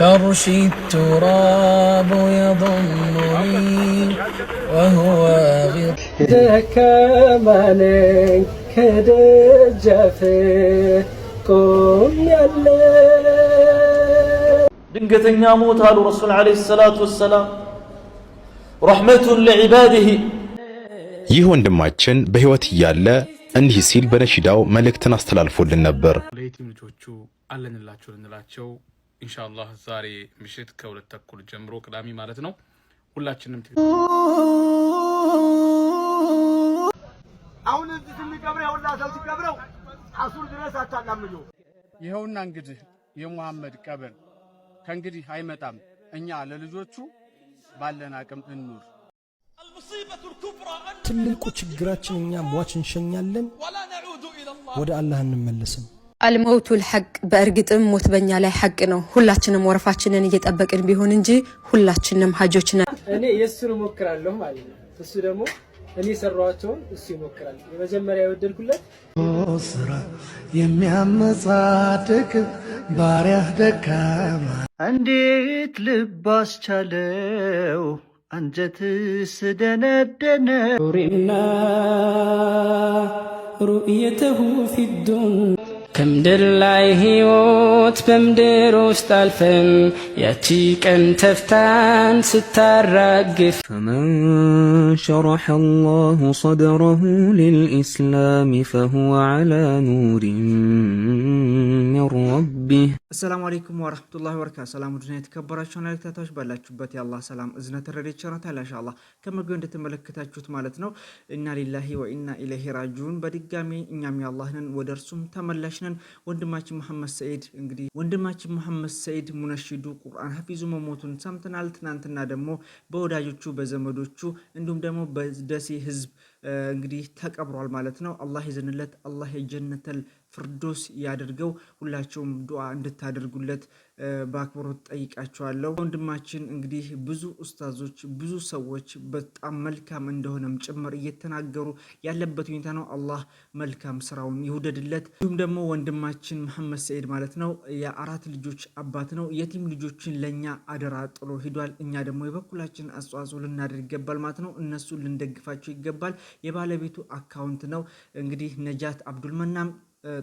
فرشي التراب يضمني وهو غط ደካማነኝ ከደጃፍ ቆም ድንገተኛ ሞት አሉ ረሱል ዓለይሂ ሰላቱ ወሰላም ረሕመቱን ለዒባዲህ። ይህ ወንድማችን በሕይወት እያለ እንዲህ ሲል በነሺዳው መልእክትን አስተላልፎልን ነበር። ለየቲም ልጆቹ አለንላቸው ልንላቸው ኢንሻአላህ ዛሬ ምሽት ከሁለት ተኩል ጀምሮ ቅዳሜ ማለት ነው ሁላችንም አሁን እዚህ ስንቀብረው ሁላ ሰው ሲቀብረው አሱር ድረስ አታላምዱ። ይኸውና እንግዲህ የሙሐመድ ቀብር ከእንግዲህ አይመጣም። እኛ ለልጆቹ ባለን አቅም እንኑር። ትልቁ ችግራችን እኛ ሟች እንሸኛለን፣ ወደ አላህ እንመለስም። አልመውቱ ልሐቅ በእርግጥም ሞት በእኛ ላይ ሐቅ ነው። ሁላችንም ወረፋችንን እየጠበቅን ቢሆን እንጂ ሁላችንም ሀጆች ነን። እኔ የእሱን እሞክራለሁ ማለት ነው። እሱ ደግሞ እኔ የሰራኋቸውን እሱ ይሞክራል። የመጀመሪያ የወደድኩለት ስራ የሚያመጻድቅ ባሪያ ደካማ እንዴት ልብ አስቻለው አንጀት ስደነደነ ሩእየተሁ ፊዱን ከምድር ላይ ሕይወት በምድር ውስጥ አልፈን ያቺ ቀን ተፍታን ስታራግፍ ፈመን ሸረሐ አላሁ ሰድረሁ ሊልኢስላም ፈሁወ ዓላ ኑሪን ሚን ረቢህ። አሰላሙ አለይኩም ወረሕመቱላሂ ወበረካቱ። ሰላም ድና የተከበራችሁ ተከታታዮች ባላችሁበት የአላህ ሰላም እዝነት ረድኤት ቸርነት ያላሻላ ከመግቢያው እንደተመለከታችሁት ማለት ነው። ኢና ሊላሂ ወኢና ኢለይሂ ራጂዑን። በድጋሚ እኛም የአላህንን ወደ እርሱም ተመላሽ ነን። ወንድማችን መሐመድ ሰኢድ እንግዲህ ወንድማችን መሐመድ ሰኢድ ሙነሺዱ ቁርአን ሀፊዙ መሞቱን ሰምተናል። ትናንትና ደግሞ በወዳጆቹ በዘመዶቹ እንዲሁም ደግሞ በደሴ ህዝብ እንግዲህ ተቀብሯል ማለት ነው። አላህ የዘንለት አላህ የጀነተል ፍርዶስ ያድርገው። ሁላቸውም ዱዓ እንድታደርጉለት በአክብሮት ጠይቃቸዋለሁ። ወንድማችን እንግዲህ ብዙ ኡስታዞች ብዙ ሰዎች በጣም መልካም እንደሆነም ጭምር እየተናገሩ ያለበት ሁኔታ ነው። አላህ መልካም ስራውን ይውደድለት። እንዲሁም ደግሞ ወንድማችን መሐመድ ሰኢድ ማለት ነው የአራት ልጆች አባት ነው። የቲም ልጆችን ለእኛ አደራ ጥሎ ሂዷል። እኛ ደግሞ የበኩላችን አስተዋጽኦ ልናደርግ ይገባል ማለት ነው። እነሱ ልንደግፋቸው ይገባል። የባለቤቱ አካውንት ነው እንግዲህ ነጃት አብዱልመናም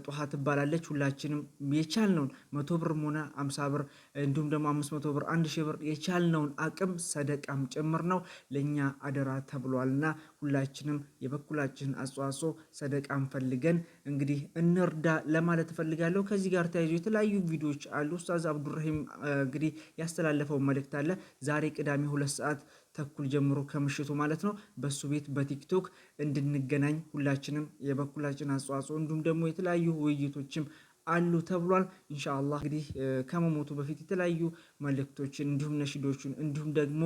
ጧሃ ትባላለች። ሁላችንም የቻልነውን መቶ ብር ሆነ አምሳ ብር እንዲሁም ደግሞ አምስት መቶ ብር፣ አንድ ሺ ብር የቻልነውን አቅም ሰደቃም ጭምር ነው ለእኛ አደራ ተብሏልና ሁላችንም የበኩላችንን አስተዋጽኦ ሰደቃም ፈልገን እንግዲህ እንርዳ ለማለት እፈልጋለሁ። ከዚህ ጋር ተያይዞ የተለያዩ ቪዲዮዎች አሉ። ኡስታዝ አብዱራሂም እንግዲህ ያስተላለፈው መልእክት አለ ዛሬ ቅዳሜ ሁለት ሰዓት ተኩል ጀምሮ ከምሽቱ ማለት ነው በሱ ቤት በቲክቶክ እንድንገናኝ ሁላችንም የበኩላችን አስተዋጽኦ እንዲሁም ደግሞ የተለያዩ ውይይቶችም አሉ ተብሏል። ኢንሻአላ እንግዲህ ከመሞቱ በፊት የተለያዩ መልእክቶችን እንዲሁም ነሽዶችን እንዲሁም ደግሞ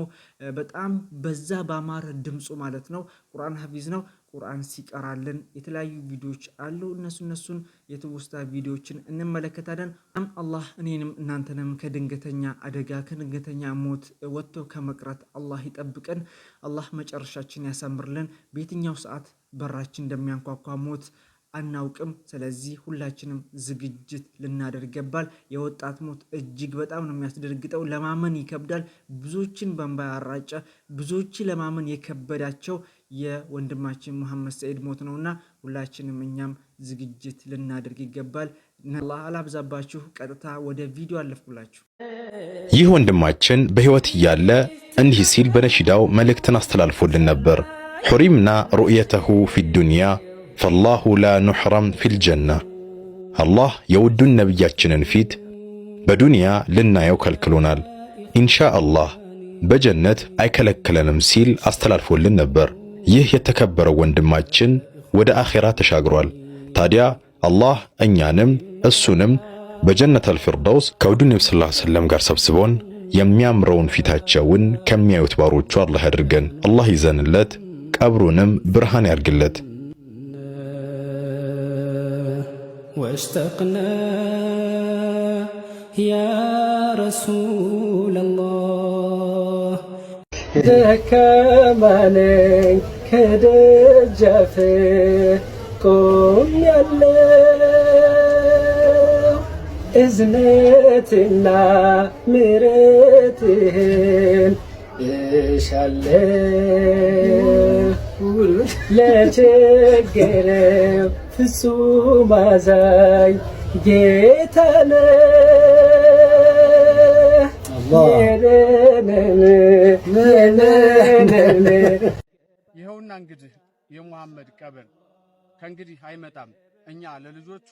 በጣም በዛ በአማረ ድምፁ ማለት ነው ቁርአን ሀፊዝ ነው ቁርአን ሲቀራልን የተለያዩ ቪዲዮዎች አሉ። እነሱ እነሱን የትውስታ ቪዲዮዎችን እንመለከታለን። አላህ እኔንም እናንተንም ከድንገተኛ አደጋ ከድንገተኛ ሞት ወጥቶ ከመቅረት አላህ ይጠብቀን። አላህ መጨረሻችን ያሳምርልን። በየትኛው ሰዓት በራችን እንደሚያንኳኳ ሞት አናውቅም። ስለዚህ ሁላችንም ዝግጅት ይገባል። የወጣት ሞት እጅግ በጣም ነው የሚያስደርግጠው። ለማመን ይከብዳል። ብዙዎችን በንባ ያራጨ ብዙዎች ለማመን የከበዳቸው የወንድማችን ሙሐመድ ሰኢድ ሞት ነውና ሁላችንም እኛም ዝግጅት ልናደርግ ይገባል። አላህ አላብዛባችሁ፣ ቀጥታ ወደ ቪዲዮ አለፍኩላችሁ። ይህ ወንድማችን በህይወት እያለ እንዲህ ሲል በነሺዳው መልእክትን አስተላልፎልን ነበር። ሑሪምና ሩእየተሁ ፊ ዱንያ ፈላሁ ላ ኑሕረም ፊልጀና አላህ የውዱን ነቢያችንን ፊት በዱንያ ልናየው ከልክሎናል፣ ኢንሻ አላህ በጀነት አይከለክለንም ሲል አስተላልፎልን ነበር። ይህ የተከበረው ወንድማችን ወደ አኼራ ተሻግሯል። ታዲያ አላህ እኛንም እሱንም በጀነት አልፊርደውስ ከውዱ ነቢ ስ ሰለም ጋር ሰብስቦን የሚያምረውን ፊታቸውን ከሚያዩት ባሮቹ አላህ ያድርገን። አላህ ይዘንለት፣ ቀብሩንም ብርሃን ያርግለት። واشتقنا يا رسول الله ደከማነኝ ከደጃፍ ቆም ያለው እዝነትና ምረትህን እሻለው ለቸገረው ፍጹም አዛኝ ጌታነ ይኸውና እንግዲህ የሙሐመድ ቀብር ከእንግዲህ አይመጣም። እኛ ለልጆቹ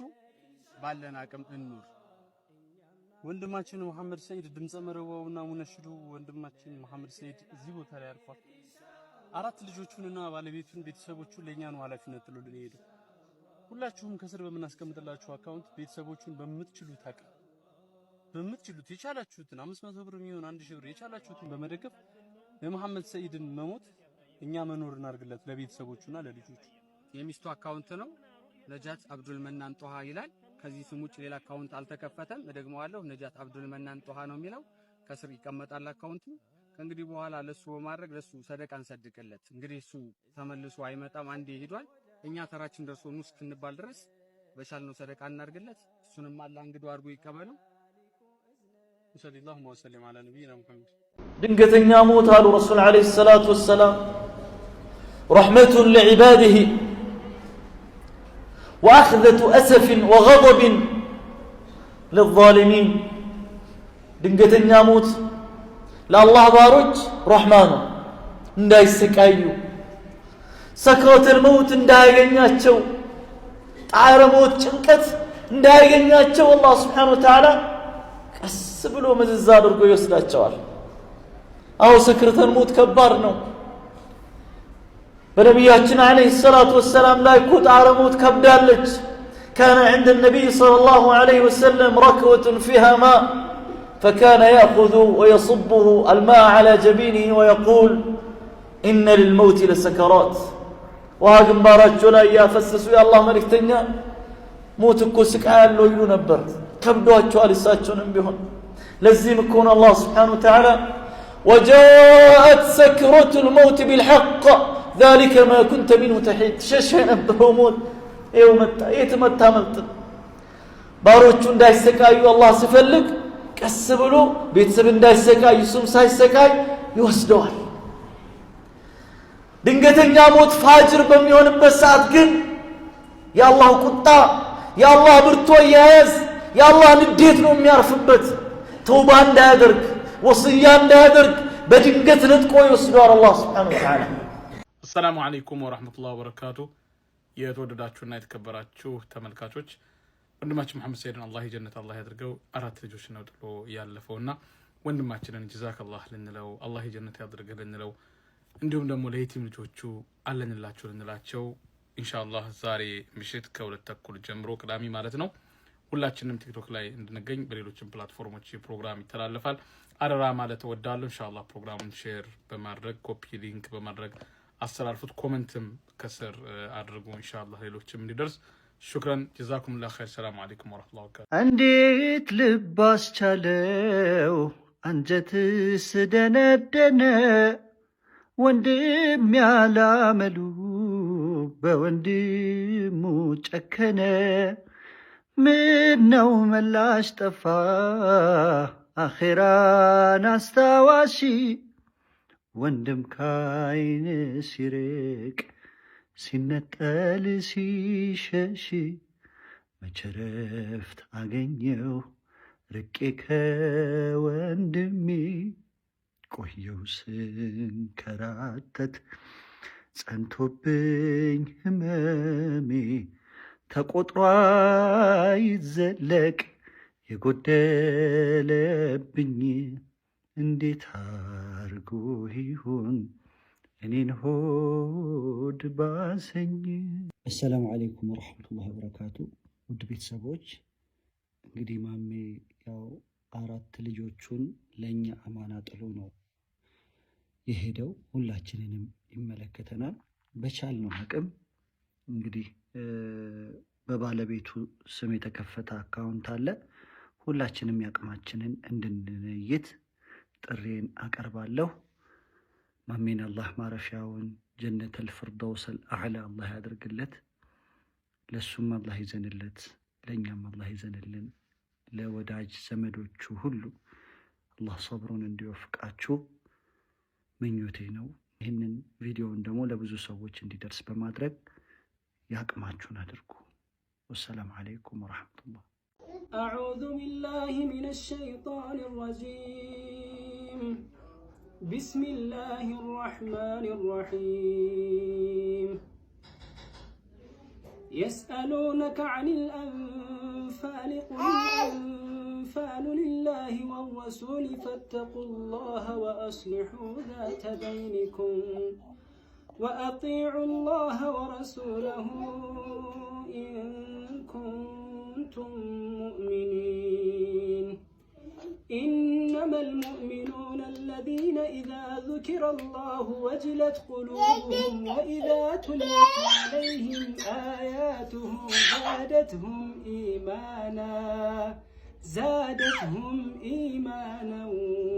ባለን አቅም እንኑር። ወንድማችን መሐመድ ሰይድ ድምፀ መረዋውና ሙነሽዱ ወንድማችን መሐመድ ሰይድ እዚህ ቦታ ላይ አርፏል። አራት ልጆቹንና ባለቤቱን ቤተሰቦቹን ለእኛ ነው ኃላፊነት ጥሎልን የሄደው። ሁላችሁም ከስር በምናስቀምጥላችሁ አካውንት ቤተሰቦቹን በምትችሉት አቅም በምትችሉት የቻላችሁትን 500 ብር የሚሆን አንድ ሺህ ብር የቻላችሁትን በመደገፍ የመሐመድ ሰይድን መሞት እኛ መኖር እናድርግለት ለቤተሰቦቹና ለልጆቹ። የሚስቱ አካውንት ነው ነጃት አብዱል መናን ጦሃ ይላል። ከዚህ ስም ውጭ ሌላ አካውንት አልተከፈተም። እደግመዋለሁ፣ ነጃት አብዱል መናን ጦሃ ነው የሚለው። ከስር ይቀመጣል አካውንቱ። ከእንግዲህ በኋላ ለሱ በማድረግ ለሱ ሰደቃ እንሰድቅለት። እንግዲህ እሱ ተመልሶ አይመጣም፣ አንዴ ሄዷል። እኛ ተራችን ደርሶ ኑ እስክንባል ድረስ በቻልነው ሰደቃ እናድርግለት። እሱንም አላህ እንግዶ አድርጎ ይቀበለው። ሰለላሁ ወሰለም ዐላ ነቢይና ሙሐመድ። ድንገተኛ ሞት አሉ ረሱል ዐለይሂ ሰላቱ ወሰላም ረሕመቱን ሊዕባዲሂ ወአኽዘቱ አሰፍን ወገበብን ሊዛሊሚን። ድንገተኛ ሞት ለአላህ ባሮች ረሕማ ነው እንዳይሰቃዩ سكرات الموت انداغن ياتشو طائر موت چنكت انداغن ياتشو الله سبحانه وتعالى قس بلو مززادر كو يسداتشوال او سكرات الموت كبارنو بنبياتنا عليه الصلاة والسلام لا يكوت موت كبدالج كان عند النبي صلى الله عليه وسلم ركوة فيها ماء فكان يأخذ ويصبه الماء على جبينه ويقول إن للموت لسكرات ውሃ ግንባራቸው ላይ እያፈሰሱ የአላህ መልእክተኛ ሞት እኮ ስቃ ያለው كم ነበር ከብዷቸዋል እሳቸውንም ቢሆን ለዚህም እኮሆነ አላህ ስብሓነ ተዓላ ወጃአት ሰክረቱ ልመውት ቢልሐቅ ذلك ما كنت منه تحيد ششه نبه موت ايو متى ايت متى ملت باروچو انداي والله الله سفلك كسبلو بيتسب انداي سكايو يسوم ساي سكاي يوسدوال ድንገተኛ ሞት ፋጅር በሚሆንበት ሰዓት ግን የአላህ ቁጣ የአላህ ብርቶ እያያዝ የአላህ ንዴት ነው የሚያርፍበት። ተውባ እንዳያደርግ ወስያ እንዳያደርግ በድንገት ነጥቆ ይወስደዋል አላህ ስብሓነሁ ወተዓላ። አሰላሙ አለይኩም ወረሕመቱላሂ ወበረካቱ። የተወደዳችሁና የተከበራችሁ ተመልካቾች ወንድማችን መሐመድ ሰይድን አላህ የጀነት አላህ ያድርገው። አራት ልጆች ነው ጥሎ ያለፈውና ወንድማችንን ጅዛከላህ ልንለው አላህ የጀነት ያድርግህ ልንለው እንዲሁም ደግሞ ለየቲም ልጆቹ አለንላቸው ልንላቸው ኢንሻአላህ ዛሬ ምሽት ከሁለት ተኩል ጀምሮ ቅዳሜ ማለት ነው ሁላችንም ቲክቶክ ላይ እንድንገኝ በሌሎችም ፕላትፎርሞች ፕሮግራም ይተላለፋል። አደራ ማለት እወዳለሁ። እንሻላ ፕሮግራሙን ሼር በማድረግ ኮፒ ሊንክ በማድረግ አስተላልፉት። ኮመንትም ከስር አድርጉ እንሻላ ሌሎችም እንዲደርስ። ሹክረን ጀዛኩም ላ ኸይር። ሰላም አለይኩም ወረህመቱላሂ ወበረካቱህ። እንዴት ልባስ ቻለው አንጀትስ ደነደነ ወንድም ያላመሉ በወንድሙ ጨከነ። ምን ነው መላሽ ጠፋ አኼራን አስታዋሺ ወንድም ካይን ሲርቅ ሲነጠል ሲሸሺ መቸረፍት አገኘው ርቄ ከወንድሜ ቆየው ስንከራተት ጸንቶብኝ ህመሜ ተቆጥሯ ይዘለቅ የጎደለብኝ እንዴት አርጎ ይሁን እኔን ሆድ ባሰኝ። አሰላሙ አሌይኩም ወረሕመቱላሂ ወበረካቱ። ውድ ቤተሰቦች እንግዲህ ማሜ ያው አራት ልጆቹን ለእኛ አማና ጥሎ ነው የሄደው ሁላችንንም ይመለከተናል። በቻልነው አቅም እንግዲህ በባለቤቱ ስም የተከፈተ አካውንት አለ። ሁላችንም ያቅማችንን እንድንለይት ጥሬን አቀርባለሁ። ማሜን አላህ ማረፊያውን ጀነት ፊርደውሰል አዕላ አላህ ያድርግለት። ለእሱም አላህ ይዘንለት፣ ለእኛም አላህ ይዘንልን። ለወዳጅ ዘመዶቹ ሁሉ አላህ ሰብሩን እንዲወፍቃችሁ ምኞቴ ነው። ይህንን ቪዲዮውን ደግሞ ለብዙ ሰዎች እንዲደርስ በማድረግ ያቅማችሁን አድርጉ። ወሰላም አለይኩም ወረሐመቱላህ። አዑዙ ቢላሂ ሚነ ሸይጣን ረጂም بسم الله الرحمن الرحيم يسألونك عن الأنفال قل الأنفال لله والرسول فاتقوا الله وأصلحوا ذات بينكم وأطيعوا الله ورسوله إن كنتم مؤمنين إنما المؤمنون الذين إذا ذكر الله وجلت قلوبهم وإذا تليت عليهم آياته زادتهم إيمانا زادتهم إيمانا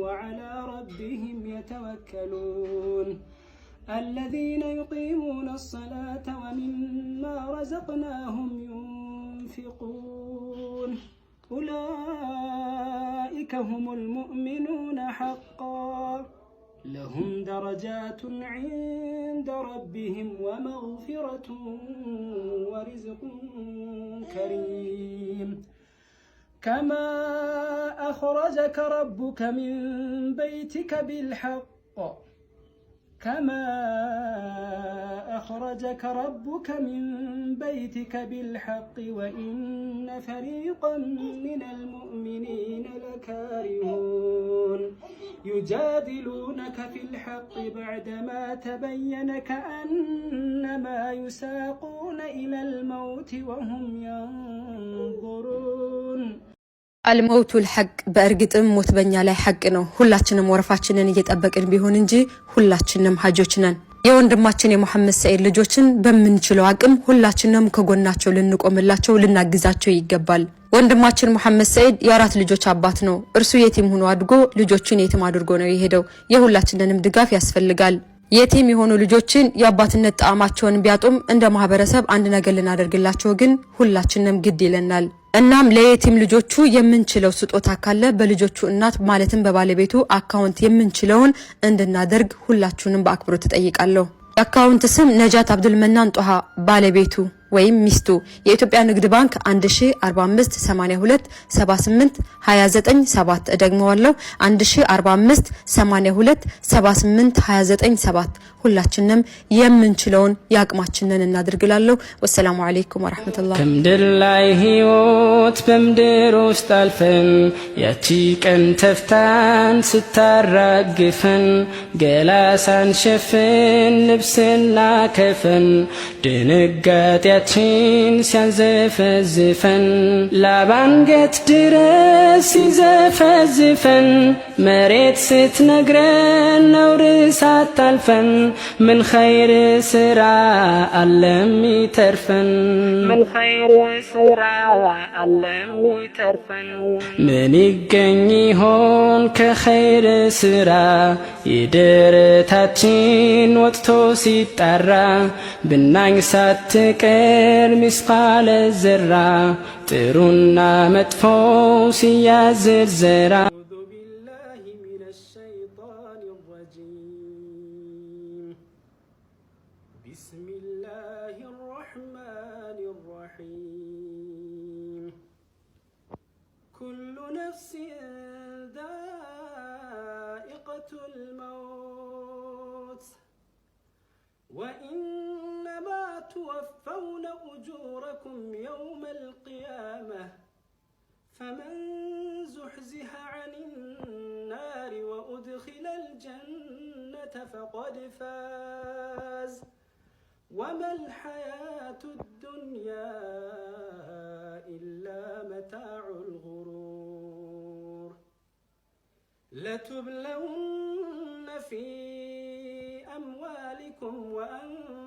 وعلى ربهم يتوكلون الذين يقيمون الصلاة ومما رزقناهم ينفقون أولئك هم المؤمنون حقا لهم درجات عند ربهم ومغفرة ورزق كريم كما أخرجك ربك من بيتك بالحق كما أخرجك ربك من بيتك بالحق وإن فريقا من المؤمنين لكارهون يجادلونك في الحق بعدما تبين كأنما يساقون إلى الموت وهم ينظرون አልመውቱል ልሐቅ በእርግጥም ሞት በኛ ላይ ሐቅ ነው። ሁላችንም ወረፋችንን እየጠበቅን ቢሆን እንጂ ሁላችንም ሀጆች ነን። የወንድማችን የሙሐመድ ሰኢድ ልጆችን በምንችለው አቅም ሁላችንም ከጎናቸው ልንቆምላቸው፣ ልናግዛቸው ይገባል። ወንድማችን ሙሐመድ ሰኢድ የአራት ልጆች አባት ነው። እርሱ የቲም ሆኖ አድጎ ልጆቹን የቲም አድርጎ ነው የሄደው። የሁላችንንም ድጋፍ ያስፈልጋል። የቲም የሆኑ ልጆችን የአባትነት ጣዕማቸውን ቢያጡም እንደ ማህበረሰብ አንድ ነገር ልናደርግላቸው ግን ሁላችንም ግድ ይለናል። እናም ለየቲም ልጆቹ የምንችለው ስጦታ ካለ በልጆቹ እናት ማለትም በባለቤቱ አካውንት የምንችለውን እንድናደርግ ሁላችሁንም በአክብሮት እጠይቃለሁ። የአካውንት ስም ነጃት አብዱልመናን ጦሃ፣ ባለቤቱ ወይም ሚስቱ የኢትዮጵያ ንግድ ባንክ 1045 እደግመዋለሁ ሁላችንም የምንችለውን የአቅማችንን እናድርግላለሁ። ወሰላሙ አሌይኩም ወረሕመቱላህ። ከምድር ላይ ህይወት በምድር ውስጥ አልፈን ያቺ ቀን ተፍታን ስታራግፈን ገላ ሳንሸፍን ልብስና ከፈን ድንጋጤያችን ሲያንዘፈዝፈን ላባንገት ድረስ ሲዘፈዝፈን መሬት ስትነግረን ነውር ሳታልፈን ምን ኸይር ስራ አለሚተርፈን ምን ይገኝ ይሆን ከኸይር ስራ የደረታችን ወጥቶ ሲጣራ ብናኝ ሳትቀር ሚስቃለ ዘራ ጥሩና መጥፎ ሲያዝርዘራ توفون أجوركم يوم القيامة فمن زحزح عن النار وأدخل الجنة فقد فاز وما الحياة الدنيا إلا متاع الغرور لتبلون في أموالكم وأنفسكم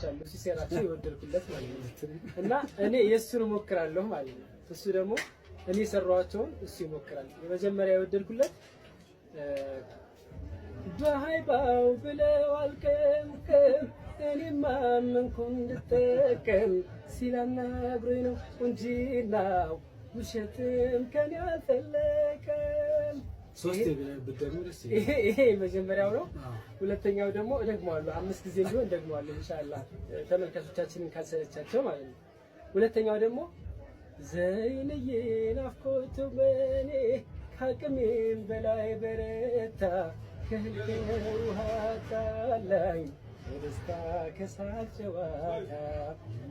ቻለሁ ሲሰራቸው የወደድኩለት ማለት ነው። እና እኔ የእሱን እሞክራለሁ ማለት ነው። እሱ ደግሞ እኔ የሰራኋቸውን እሱ ይሞክራል። የመጀመሪያ የወደድኩለት በሀይባው ብለው አልቀምቀም እኔም አመንኩ እንድጠቀም ሲላናግሮኝ ነው እንጂናው ውሸትም ከኔ አልፈለቀ ሶስት ብትደግሙ ደስ ይሄ መጀመሪያው ነው። ሁለተኛው ደግሞ እደግመዋለሁ፣ አምስት ጊዜ ቢሆን እደግመዋለሁ እንሻላ ተመልካቾቻችንን ካልሰለቻቸው ማለት ነው። ሁለተኛው ደግሞ ዘይንዬ ናፍቆቱ በኔ ከአቅሜም በላይ በረታ ከህልቴ ውሃ ጣላኝ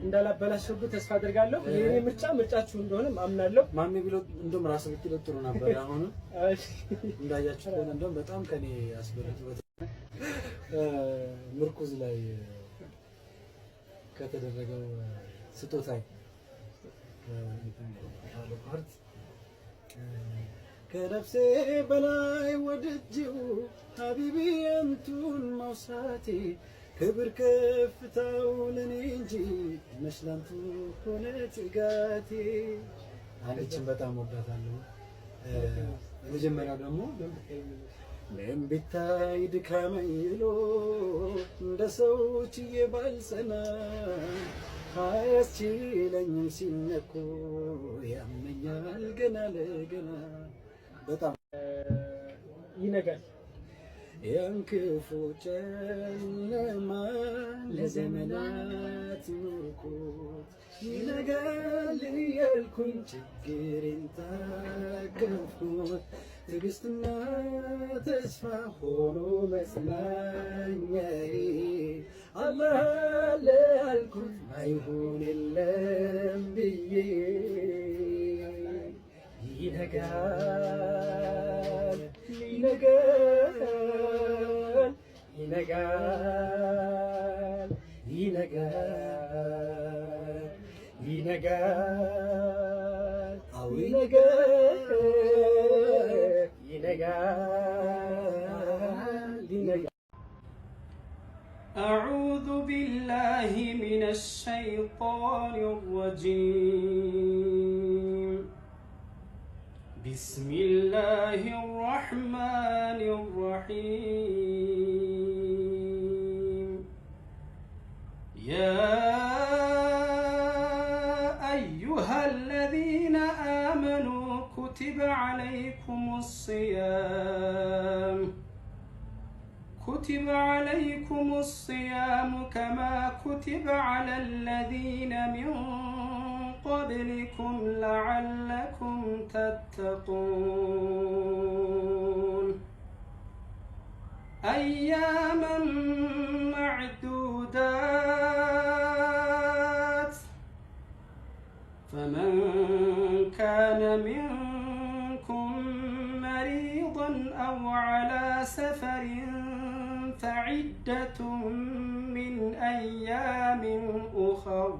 እንዳላበላሸሁበት ተስፋ አድርጋለሁ። የኔ ምርጫ ምርጫችሁ እንደሆነ አምናለሁ። ማሜ ቢሎ እንደውም ራስ ብትለው ጥሩ ነበር። አሁንም እንዳያችሁ ከሆነ እንደውም በጣም ከኔ ያስበለጥበት ምርኩዝ ላይ ከተደረገው ስጦታ ከነፍሴ በላይ ወደጅው ሀቢቢ የምቱን መውሳቴ ክብር ከፍታው ለኔ እንጂ መስላንቱ ሆነ ትጋቴ አለችን። በጣም ወዳታለሁ። የመጀመሪያው ደግሞ ምንም ቢታይ ድካም ይሎ እንደ ሰዎች የባልጸና አያስችለኝም ሲነኮ ያመኛል ገና ለገና በጣም ይነጋል የንክፉ ጨለማ ለዘመናት ኖርኩት ይነጋል እያልኩኝ ችግሬን ታቀፍኩት ትዕግስትና ተስፋ ሆኖ መጽናኛዬ አላህ አለ አልኩት አይሆን የለም ብዬ ይነጋል ينقال ينقال ينقال ينقال أو ينقال ينقال أعوذ بالله من الشيطان الرجيم بسم الله الرحمن الرحيم يا أيها الذين آمنوا كتب عليكم الصيام كتب عليكم الصيام كما كتب على الذين من قبلكم لعلكم تتقون أياما معدودات فمن كان منكم مريضا أو على سفر فعدة من أيام أخر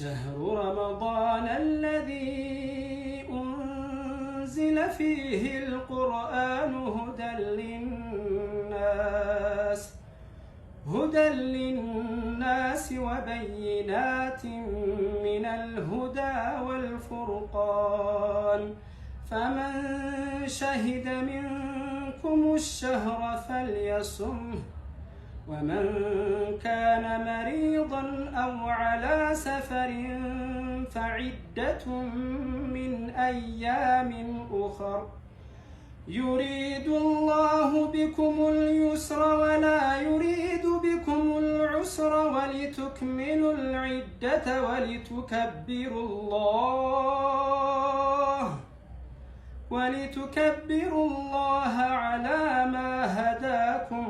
شهر رمضان الذي أنزل فيه القرآن هدى للناس هدى للناس وبينات من الهدى والفرقان فمن شهد منكم الشهر فليصمه ومن كان مريضا أو على سفر فعدة من أيام أخر يريد الله بكم اليسر ولا يريد بكم العسر ولتكملوا العدة ولتكبروا الله ولتكبروا الله على ما هداكم